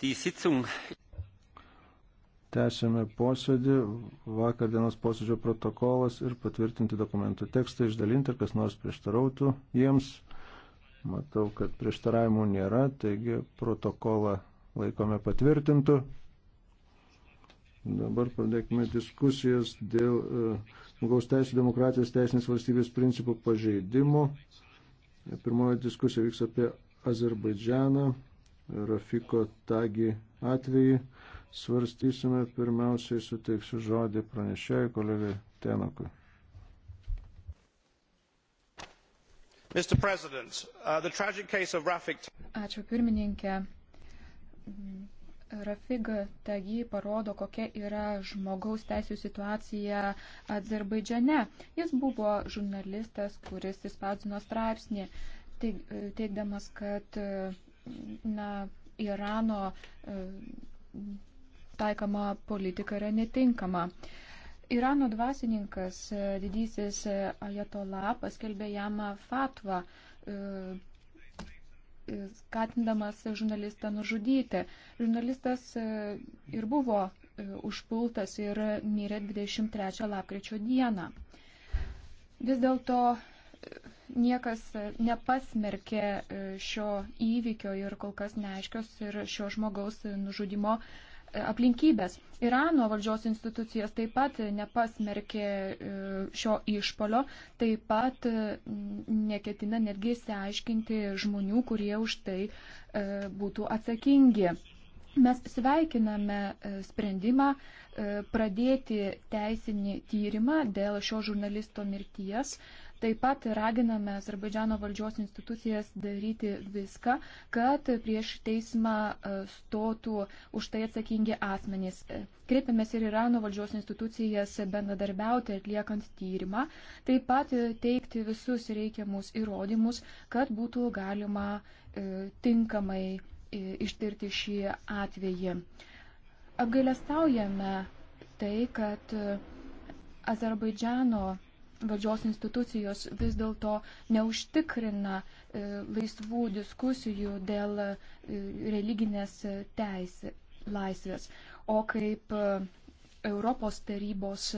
Tęsėme posėdį, vakar dienos posėdžio protokolas ir patvirtinti dokumentų tekstą išdalinti, ar kas nors prieštarautų jiems. Matau, kad prieštaravimų nėra, taigi protokolą laikome patvirtintų. Dabar pradėkime diskusijas dėl e, žmogaus teisų demokratijos teisinės valstybės principų pažeidimų. Pirmoji diskusija vyks apie Azerbaidžianą. Rafiko Tagi atvejį svarstysime. Pirmiausiai suteiksiu žodį pranešėjai kolegai Tenokui. Mr. President, uh, the tragic case of Rafik. Ačiū pirmininkė. Rafiga Tagi parodo, kokia yra žmogaus teisų situacija Azerbaidžiane. Jis buvo žurnalistas, kuris įspausdino straipsnį, teikdamas, kad uh, na, Irano e, taikoma politika yra netinkama. Irano dvasininkas e, didysis e, Ajatola paskelbė jam fatvą, skatindamas žurnalistą nužudyti. Žurnalistas ir buvo užpultas ir mirė 23 lapkričio dieną. Vis dėlto niekas nepasmerkė e, šio įvykio ir kol kas neaiškios ir šio žmogaus nužudimo e, aplinkybės. Irano valdžios institucijos taip pat nepasmerkė e, šio išpolio, taip pat neketina netgi įsiaiškinti žmonių, kurie už tai būtų atsakingi. Mes sveikiname sprendimą pradėti teisinį tyrimą dėl šio žurnalisto mirties. Taip pat raginame Azerbaidžiano valdžios institucijas daryti viską, kad prieš teismą e, stotų už tai atsakingi asmenys. E, kreipiamės ir Irano valdžios institucijas bendradarbiauti atliekant tyrimą, taip pat e, teikti visus reikiamus įrodymus, kad būtų galima tinkamai ištirti šį atvejį. Apgailestaujame tai, kad Azerbaidžiano valdžios institucijos vis dėlto neužtikrina e, laisvų diskusijų dėl e, religinės teisė, laisvės. O kaip e, Europos tarybos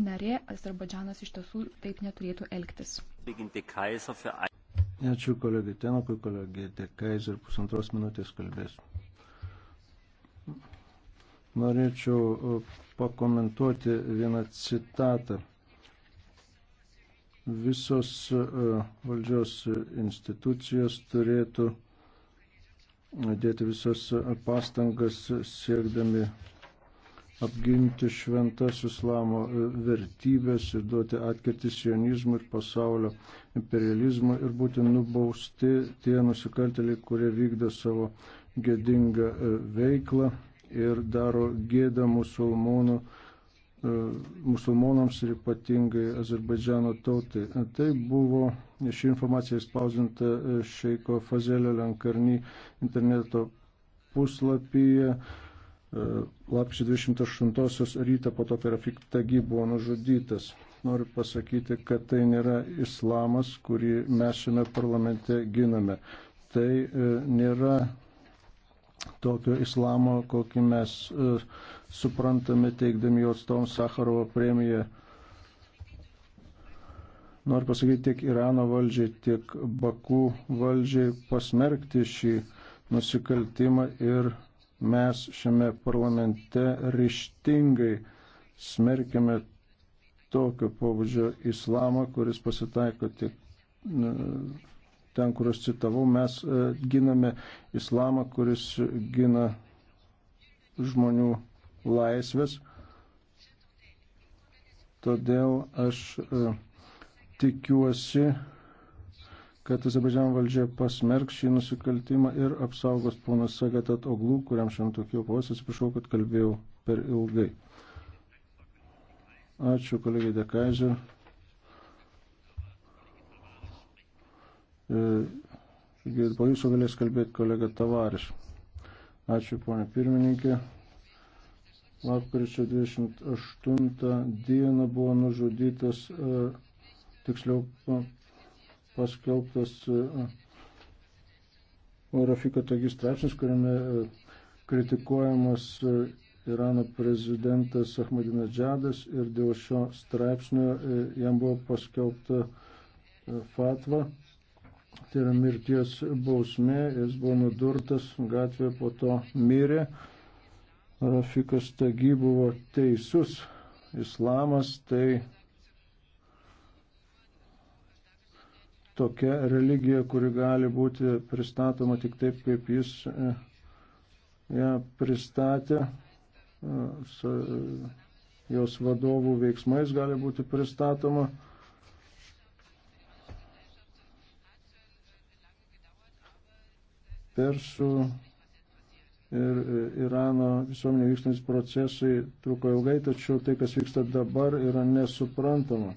narė, Azerbaidžanas iš tiesų taip neturėtų elgtis. Ačiū kolegai Tenokui, kolegai Dekaiser, pusantros minutės kalbėsiu norėčiau e, pakomentuoti vieną citatą. Visos e, valdžios institucijos turėtų dėti visas pastangas siekdami apginti šventas islamo vertybės ir duoti atkirtį sionizmui ir pasaulio imperializmui ir būti nubausti tie nusikaltėliai, kurie vykdo savo gedingą e, veiklą ir daro gėdą musulmonų, e, musulmonams ir ypatingai Azerbaidžiano tautai. E, tai buvo ši informacija spausdinta e, Šeiko Fazelio Lenkarny interneto puslapyje. Lapkričio 28 rytą po to, kai Rafik Tagi buvo nužudytas noriu pasakyti, kad tai nėra islamas, kurį mes šiame parlamente giname. Tai nėra tokio islamo, kokį mes e, suprantame teikdami jo atstovams Sakarovo premiją. Noriu pasakyti tiek Irano valdžiai, tiek Bakų valdžiai pasmerkti šį nusikaltimą ir mes šiame parlamente ryštingai smerkime tokio pobūdžio islamą, kuris pasitaiko tik e, ten, kur aš citavau, mes e, giname islamą, kuris gina žmonių laisvės. Todėl aš e, tikiuosi, kad Azerbaidžiano valdžia pasmerks šį nusikaltimą ir apsaugos ponas Sagatat Oglų, kuriam šiandien tokio pavos, atsiprašau, kad kalbėjau per ilgai. Ačiū kolegai Dekaiser. E, ir po jūsų galės kalbėti kolega Tavaris. Ačiū, ponė pirmininkė. Lapkričio 28 dieną buvo nužudytas, e, tiksliau paskelbtas e, Rafiko Tagis straipsnis, kuriame kritikuojamas Irano prezidentas Ahmadinejadas ir dėl šio straipsnio jam buvo paskelbta fatva tai yra mirties bausmė, jis buvo nudurtas gatvėje, po to mirė. Rafikas Tagi buvo teisus, islamas tai tokia religija, kuri gali būti pristatoma tik taip, kaip jis e, ją pristatė, e, e, jos vadovų veiksmais gali būti pristatoma. persų ir e, Irano visuomenė vykstantis procesai truko ilgai, tačiau tai, kas vyksta dabar, yra nesuprantama.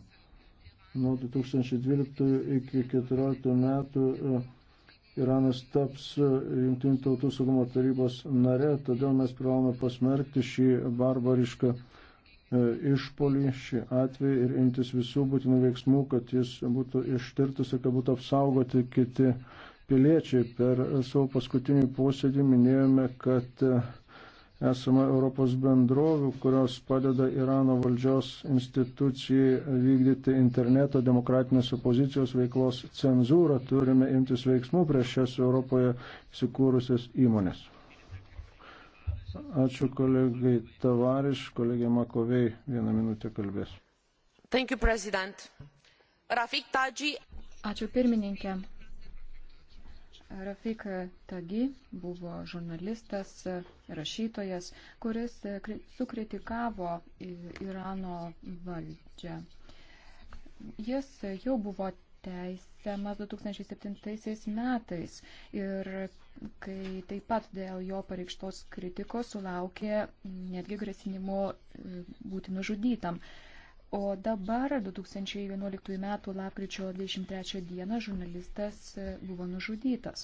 Nuo 2012 iki 2014 metų e, Iranas taps e, Junktinių tautų saugumo tarybos nare, todėl mes privalome pasmerkti šį barbarišką išpolį, šį atvejį ir imtis visų būtinų veiksmų, kad jis būtų ištirtas ir kad būtų apsaugoti kiti piliečiai. Per savo paskutinį posėdį minėjome, kad esama Europos bendrovių, kurios padeda Irano valdžios institucijai vykdyti interneto demokratinės opozicijos veiklos cenzūrą. Turime imtis veiksmų prieš šias Europoje įsikūrusias įmonės. Ačiū kolegai Tavariš, kolegė Makovei vieną minutę kalbės. Thank you, President. Rafik Tadži. Ačiū pirmininkė. Rafik Tagi buvo žurnalistas, rašytojas, kuris sukritikavo Irano valdžią. Jis jau buvo teisiamas 2007 metais ir kai taip pat dėl jo pareikštos kritikos sulaukė netgi grasinimo e, būti nužudytam. O dabar 2011 m. lapkričio 23 d. žurnalistas e, buvo nužudytas.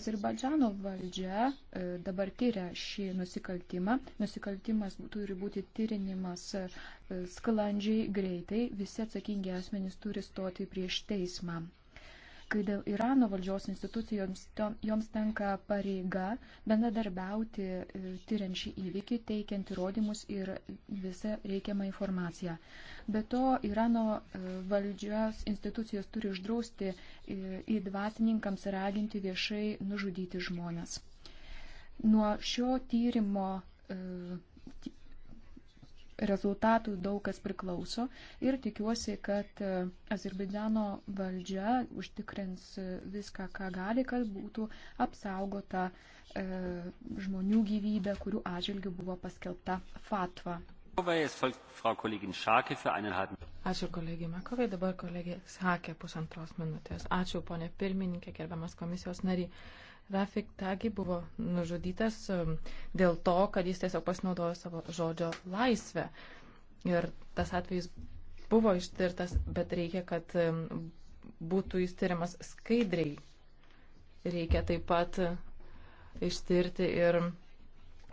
Azerbaidžano valdžia e, dabar tyria šį nusikaltimą. Nusikaltimas turi būti tyrinimas e, sklandžiai, greitai. Visi atsakingi asmenys turi stoti prieš teismą kai dėl Irano valdžios institucijoms joms tenka pareiga bendradarbiauti e, tyriant šį įvykį, teikiant įrodymus ir visą reikiamą informaciją. Be to, Irano e, valdžios institucijos turi uždrausti e, į dvasininkams raginti viešai nužudyti žmonės. Nuo šio tyrimo rezultatų daug kas priklauso ir tikiuosi, kad e, Azerbaidžano valdžia užtikrins e, viską, ką gali, kad būtų apsaugota e, žmonių gyvybė, kurių atžvilgių buvo paskelbta fatva. Ačiū kolegijai Makovai, dabar kolegija Sakė pusantros minutės. Ačiū ponė pirmininkė, gerbiamas komisijos nariai. Rafik Tagi buvo nužudytas um, dėl to, kad jis tiesiog pasinaudojo savo žodžio laisvę. Ir tas atvejis buvo ištirtas, bet reikia, kad um, būtų jis tyriamas skaidriai. Reikia taip pat uh, ištirti ir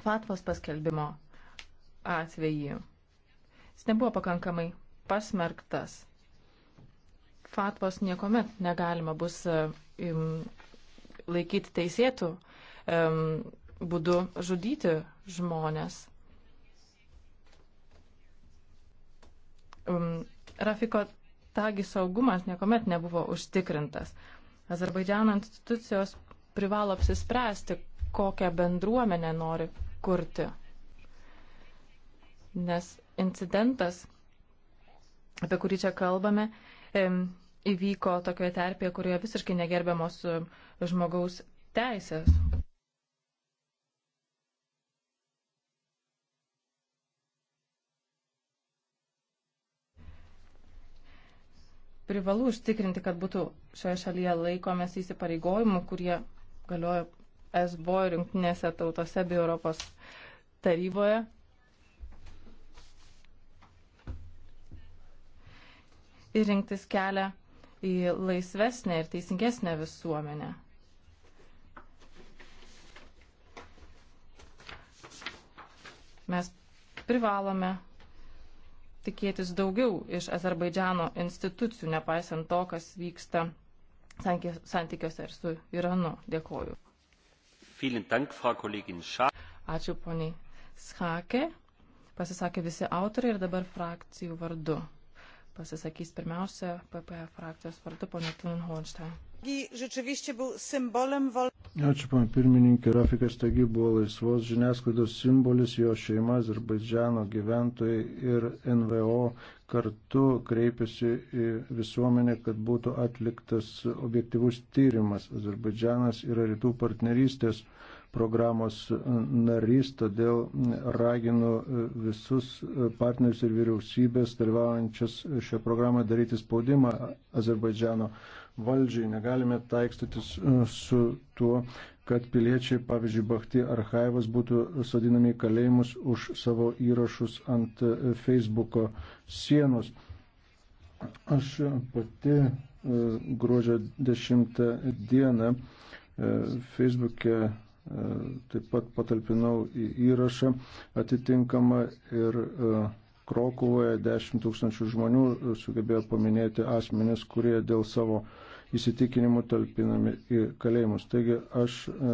fatvos paskelbimo atvejį. Jis nebuvo pakankamai pasmerktas. Fatvos niekuomet negalima bus uh, laikyti teisėtų um, būdu žudyti žmonės. Um, Rafiko tagi saugumas niekuomet nebuvo užtikrintas. Azerbaidžiano institucijos privalo apsispręsti, kokią bendruomenę nori kurti. Nes incidentas, apie kurį čia kalbame, įvyko tokioje terpėje, kurioje visiškai negerbiamos e, žmogaus teisės. Privalu užtikrinti, kad būtų šioje šalyje laikomės įsipareigojimų, kurie galioja SBO ir jungtinėse tautose bei Europos taryboje. Ir rinktis kelią į laisvesnę ir teisingesnę visuomenę. Mes privalome tikėtis daugiau iš Azerbaidžiano institucijų, nepaisant to, kas vyksta santykiuose ir su Iranu. Dėkoju. Dank, Ačiū poniai Schake. Pasisakė visi autoriai ir dabar frakcijų vardu pasisakys pirmiausia PP frakcijos vardu ponė Tunhonštain. Ačiū, pana pirmininkė, Rafikas Tagi buvo laisvos žiniasklaidos simbolis, jo šeima, Azerbaidžiano gyventojai ir NVO kartu kreipėsi į visuomenę, kad būtų atliktas objektivus tyrimas. Azerbaidžianas yra rytų partnerystės programos narys, todėl raginu visus partnerius ir vyriausybės dalyvaujančias šią programą daryti spaudimą Azerbaidžiano valdžiai. Negalime taikstytis su tuo, kad piliečiai, pavyzdžiui, Bakti Arhaivas būtų sodinami į kalėjimus už savo įrašus ant Facebooko sienos. Aš pati e, gruodžio 10 dieną e, Facebook'e E, taip pat patalpinau į įrašą atitinkamą ir e, Krokuvoje 10 tūkstančių žmonių sugebėjo paminėti asmenis, kurie dėl savo įsitikinimų talpinami į kalėjimus. Taigi aš e,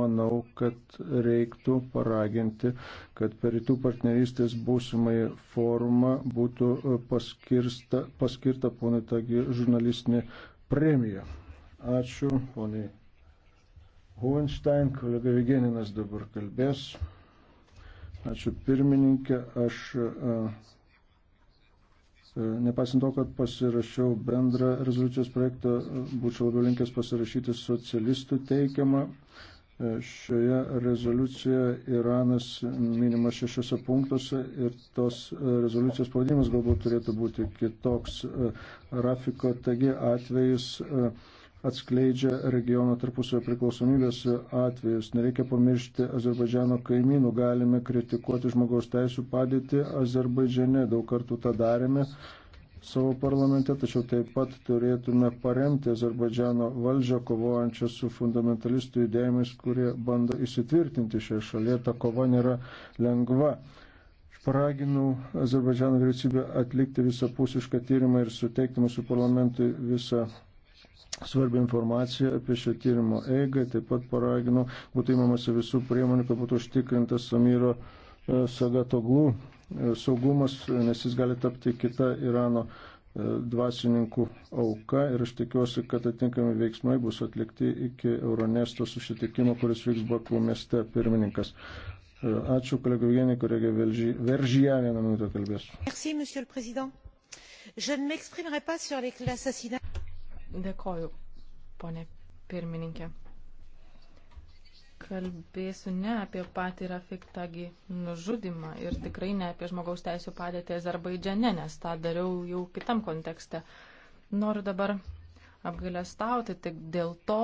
manau, kad reiktų paraginti, kad per rytų partnerystės būsimai forumą būtų paskirta ponai tagi žurnalistinė premija. Ačiū, poniai Hohenstein, kolega Vigeninas dabar kalbės. Ačiū pirmininkė, aš e, e, Nepaisant to, kad pasirašiau bendrą rezoliucijos projektą, būčiau labiau linkęs pasirašyti socialistų teikiamą. E, šioje rezoliucijoje Iranas minimas šešiose punktuose ir tos rezoliucijos pavadinimas galbūt turėtų būti kitoks. Rafiko tagi atvejis. Uh, atskleidžia regiono tarpusavio priklausomybės atvejus. Nereikia pamiršti Azerbaidžiano kaimynų, galime kritikuoti žmogaus teisų padėtį Azerbaidžiane, daug kartų tą darėme savo parlamente, tačiau taip pat turėtume paremti Azerbaidžiano valdžią kovojančią su fundamentalistų judėjimais, kurie bando įsitvirtinti šioje šalyje. Ta kova nėra lengva. Aš paraginau Azerbaidžiano vyriausybę atlikti visapusišką tyrimą ir suteikti mūsų parlamentui visą svarbią informaciją apie šio tyrimo eigą. Taip pat paraginau būtų įmamasi visų priemonių, kad būtų užtikrintas Samiro e, Sagatoglų e, saugumas, nes jis gali tapti kita Irano e, dvasininkų auka ir aš tikiuosi, kad atitinkami veiksmai bus atlikti iki Euronesto susitikimo, kuris vyks Bakų mieste pirmininkas. Ačiū kolegai Vieniai, kolegai Veržyje, vieną minutę kalbės. Merci, Dėkoju, ponė pirmininkė. Kalbėsiu ne apie patį Rafik Tagi nužudimą ir tikrai ne apie žmogaus teisų padėtį Azerbaidžiane, nes tą dariau jau kitam kontekste. Noriu dabar apgailestauti tik dėl to,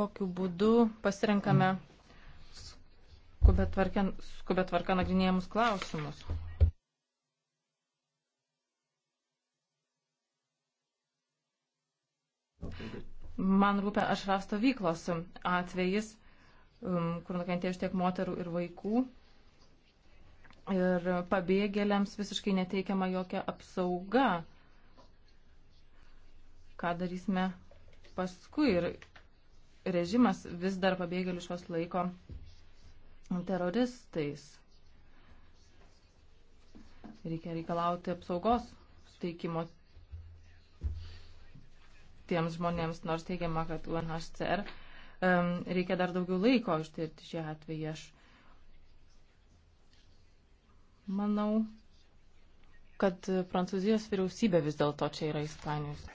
kokiu būdu pasirenkame skubė tvarka nagrinėjimus klausimus. Man rūpia ašra stovyklos atvejis, um, kur nukentėjo iš tiek moterų ir vaikų. Ir pabėgėliams visiškai neteikiama jokia apsauga. Ką darysime paskui? Ir režimas vis dar pabėgėlių šios laiko teroristais. Reikia reikalauti apsaugos steikimo tiems žmonėms, nors teigiama, kad UNHCR um, reikia dar daugiau laiko ištirti šį atvejį. Aš manau, kad Prancūzijos vyriausybė vis dėlto čia yra įsipainius.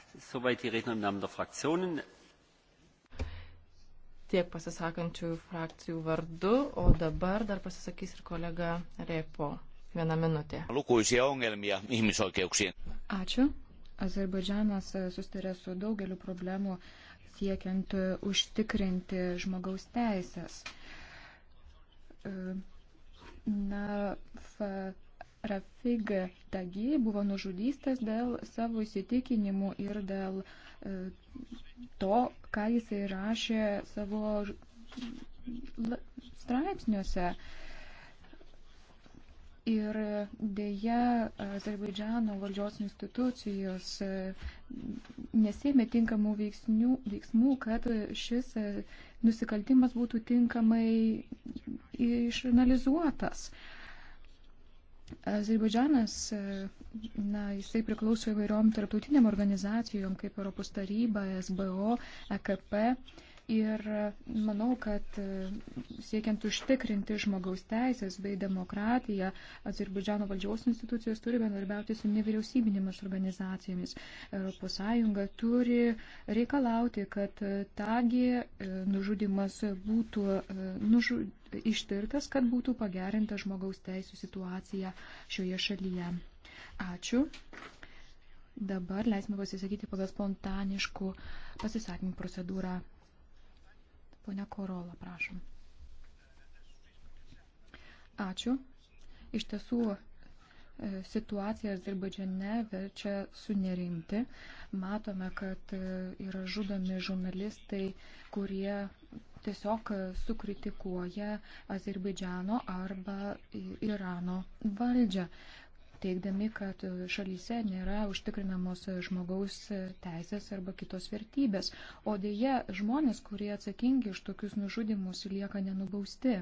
Tiek pasisakančių frakcijų vardu, o dabar dar pasisakys ir kolega Repo. Viena minutė. Ačiū. Azerbaidžanas e, sustarė su daugeliu problemų siekiant e, užtikrinti žmogaus teisės. E, na, Rafig Tagi buvo nužudystas dėl savo įsitikinimų ir dėl to, ką jisai rašė savo straipsniuose. Ir dėja, Azerbaidžiano valdžios institucijos e, nesėmė tinkamų veiksnių, veiksmų, kad šis e, nusikaltimas būtų tinkamai išanalizuotas. Azerbaidžanas, e, na, jisai priklauso įvairiom tarptautiniam organizacijom, kaip Europos taryba, SBO, EKP. Ir manau, kad e, siekiant užtikrinti žmogaus teisės bei demokratiją, Azerbaidžiano valdžiaus institucijos turi bendarbiauti su nevyriausybinėmis organizacijomis. ES turi reikalauti, kad tagi e, nužudimas būtų e, nužu, ištirtas, kad būtų pagerinta žmogaus teisų situacija šioje šalyje. Ačiū. Dabar leisime pasisakyti pagal spontaniškų pasisakymų procedūrą. Pone Korola, prašom. Ačiū. Iš tiesų, e, situacija Azerbaidžiane verčia sunerimti. Matome, kad e, yra žudomi žurnalistai, kurie tiesiog sukritikuoja Azerbaidžiano arba Irano valdžią teikdami, kad šalyse nėra užtikrinamos žmogaus teisės arba kitos vertybės. O dėje žmonės, kurie atsakingi už tokius nužudimus, lieka nenubausti.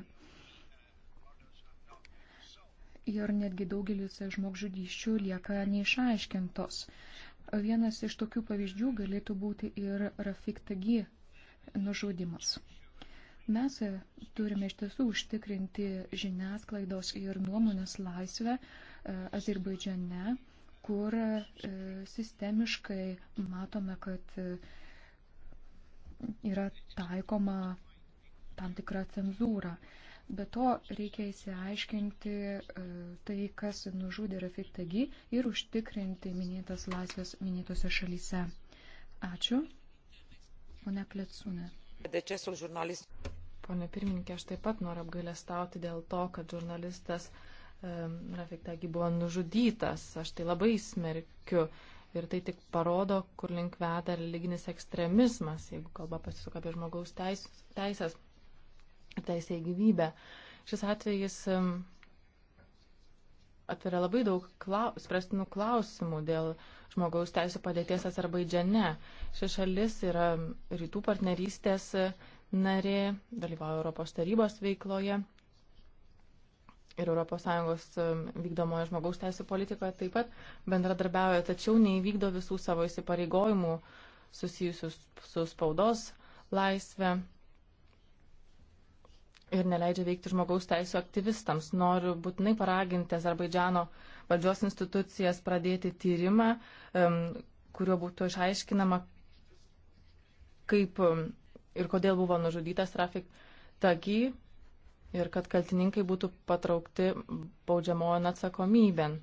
Ir netgi daugelis žmogžudyščių lieka neišaiškintos. Vienas iš tokių pavyzdžių galėtų būti ir Rafik Tagi nužudimas. Mes turime iš tiesų užtikrinti žiniasklaidos ir nuomonės laisvę, uh, E, Azerbaidžiane, kur e, sistemiškai matome, kad e, yra taikoma tam tikra cenzūra. Be to reikia įsiaiškinti tai, kas nužudė Rafik Tagi ir užtikrinti minėtas laisvės minėtose šalyse. Ačiū. Pone Kletsūne. Decesul žurnalistų. Pone pirmininkė, aš taip pat noriu apgailestauti dėl to, kad žurnalistas uh, Rafik Tagi buvo nužudytas. Aš tai labai smerkiu. Ir tai tik parodo, kur link veda religinis ekstremizmas, jeigu kalba pasisuka apie žmogaus teis, teisės ir teisę į gyvybę. Šis atvejis atveria labai daug klaus, spręstinų klausimų dėl žmogaus teisų padėties Azerbaidžiane. Ši šalis yra rytų partnerystės narė, dalyvauja Europos tarybos veikloje ir ES vykdomoje žmogaus teisų politikoje taip pat bendradarbiauja, tačiau neįvykdo visų savo įsipareigojimų susijusius su spaudos laisvė ir neleidžia veikti žmogaus teisų aktyvistams. Noriu būtinai paraginti Azerbaidžiano valdžios institucijas pradėti tyrimą, kuriuo būtų išaiškinama, kaip ir kodėl buvo nužudytas Rafik Tagi ir kad kaltininkai būtų patraukti baudžiamojon atsakomybėn.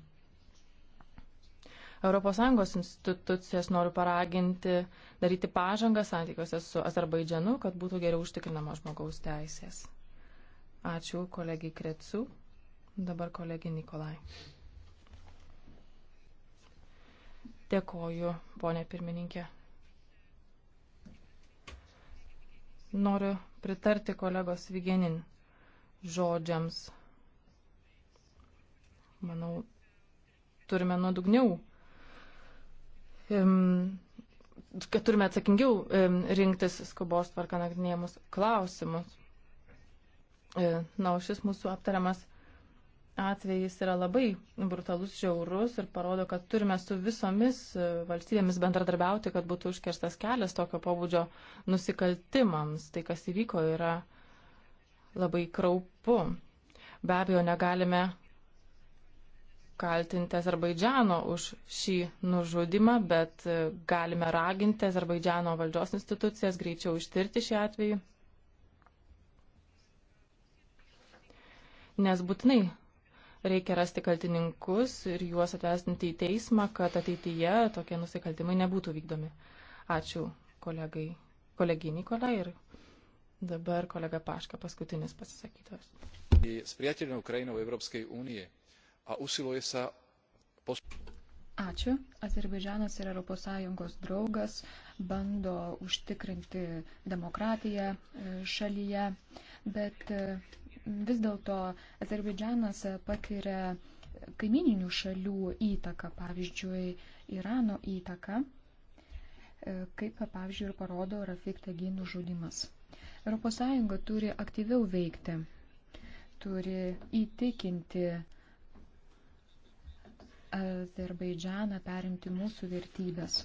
ES institucijas noriu paraginti daryti pažangą santykiuose su Azerbaidžianu, kad būtų geriau užtikrinama žmogaus teisės. Ačiū kolegijai Krecu, dabar kolegijai Nikolai. Dėkoju, ponė pirmininkė. Noriu pritarti kolegos Vigenin žodžiams. Manau, turime nuodugniau, kad turime atsakingiau rinktis skubos tvarką nagrinėjimus klausimus. E, na, o šis mūsų aptariamas atvejis yra labai brutalus, žiaurus ir parodo, kad turime su visomis e, valstybėmis bendradarbiauti, kad būtų užkirstas kelias tokio pobūdžio nusikaltimams. Tai, kas įvyko, yra labai kraupu. Be abejo, negalime kaltinti Azerbaidžiano už šį nužudimą, bet galime raginti Azerbaidžiano valdžios institucijas greičiau ištirti šį atvejį. Nes būtinai reikia rasti kaltininkus ir juos atvestinti į teismą, kad ateityje tokie nusikaltimai nebūtų vykdomi. Ačiū kolegai, kolegiai Nikolai ir Dabar kolega Paška, paskutinis pasisakytojas. S priateľnou krajinou Európskej únie a usiluje sa pos... Ačiū. Azerbaidžanas yra ES draugas, bando užtikrinti demokratiją e, šalyje, bet e, vis dėlto Azerbaidžanas patiria kaimininių šalių įtaką, pavyzdžiui, Irano įtaką, e, kaip, pavyzdžiui, ir parodo Rafik Taginų žudimas. ES turi aktyviau veikti, turi įtikinti Azerbaidžaną perimti mūsų vertybės.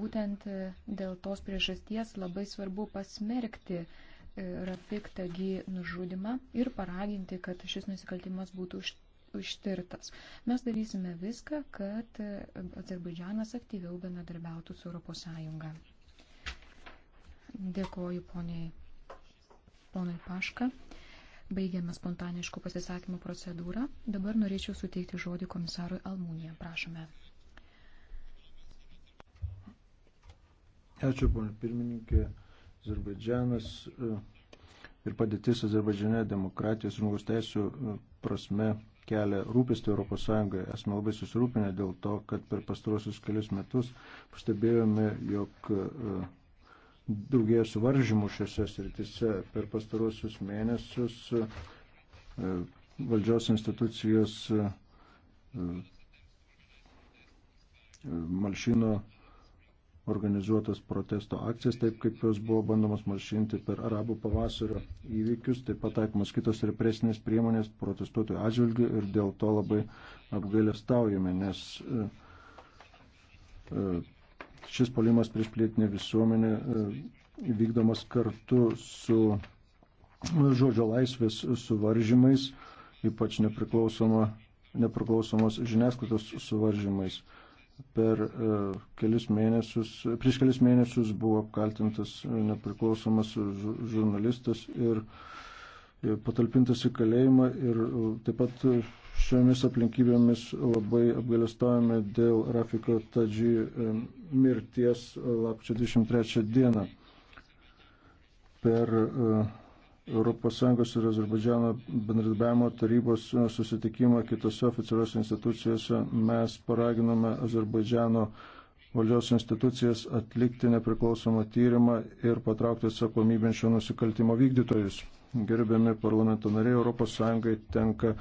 Būtent dėl tos priežasties labai svarbu pasmerkti Rafik Tagi nužudimą ir paraginti, kad šis nusikaltimas būtų ištirtas. Mes darysime viską, kad Azerbaidžanas aktyviau bendradarbiautų su ES. Dėkoju poniai, ponui Paška. Baigėme spontaniškų pasisakymų procedūrą. Dabar norėčiau suteikti žodį komisarui Almūnija. Prašome. Ačiū, ponė pirmininkė. Azerbaidžianas e, ir padėtis Azerbaidžiane demokratijos žmogus teisų e, prasme kelia rūpestį Europos Sąjungai. Esame labai susirūpinę dėl to, kad per pastarosius kelius metus pastebėjome, jog e, daugėja suvaržymų šiuose sritise. Per pastarosius mėnesius e, valdžios institucijos e, e, malšino organizuotas protesto akcijas, taip kaip jos buvo bandomas malšinti per arabų pavasario įvykius, taip pat taikomas kitos represinės priemonės protestuotojų atžvilgių ir dėl to labai apgailestaujame, nes Šis polimas prieš plėtinę visuomenę e, vykdomas kartu su e, žodžio laisvės suvaržymais, ypač nepriklausoma, nepriklausomos žiniasklaidos suvaržymais. Per e, kelis mėnesius, prieš kelis mėnesius buvo apkaltintas nepriklausomas žurnalistas ir patalpintas į kalėjimą ir taip pat šiomis aplinkybėmis labai apgalėstojame dėl Rafiko Tadži e, mirties lapčio 23 dieną per ES ir Azerbaidžiano bendradarbiavimo tarybos e, susitikimą kitose oficialiuose institucijose mes paraginome Azerbaidžiano valdžios institucijas atlikti nepriklausomą tyrimą ir patraukti atsakomybę šio nusikaltimo vykdytojus gerbiami parlamento nariai, ES tenka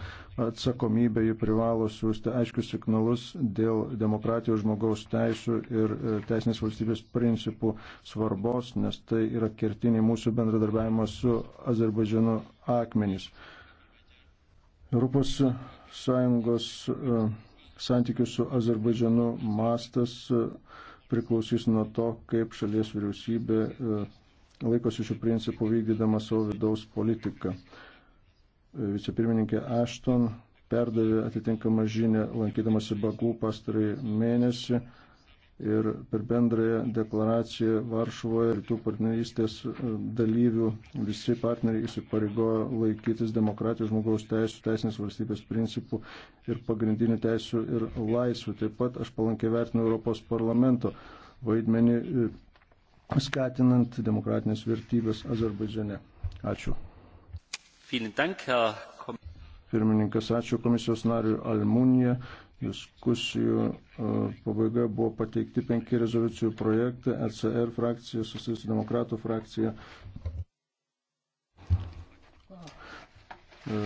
atsakomybė, ji privalo siūsti aiškius signalus dėl demokratijos žmogaus teisų ir e, teisinės valstybės principų svarbos, nes tai yra kertiniai mūsų bendradarbiavimo su Azerbaidžianu akmenys. ES e, santykių su Azerbaidžianu mastas e, priklausys nuo to, kaip šalies vyriausybė laikosi šių principų vykdydama savo vidaus politiką. Vicepirmininkė Ashton perdavė atitinkamą žinę, lankydamasi Bagų pastarai mėnesį ir per bendrąją deklaraciją Varšuvoje rytų partnerystės dalyvių visi partneriai įsipareigojo laikytis demokratijos žmogaus teisų, teisinės valstybės principų ir pagrindinių teisų ir laisvų. Taip pat aš palankiai vertinu Europos parlamento vaidmenį skatinant demokratinės vertybės Azerbaidžiane. Ačiū. Pirmininkas, ačiū komisijos nariui Almunija. Diskusijų e, pabaiga buvo pateikti penki rezoliucijų projektai. ECR frakcija, Socialistų demokratų frakcija. E,